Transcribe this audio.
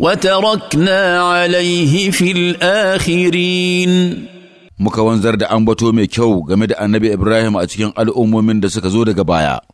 وتركنا عليه في الآخرين مكوان زرد أنبتو ميكو غمد أنبي إبراهيم أتكين الأمومين دسك زود غبايا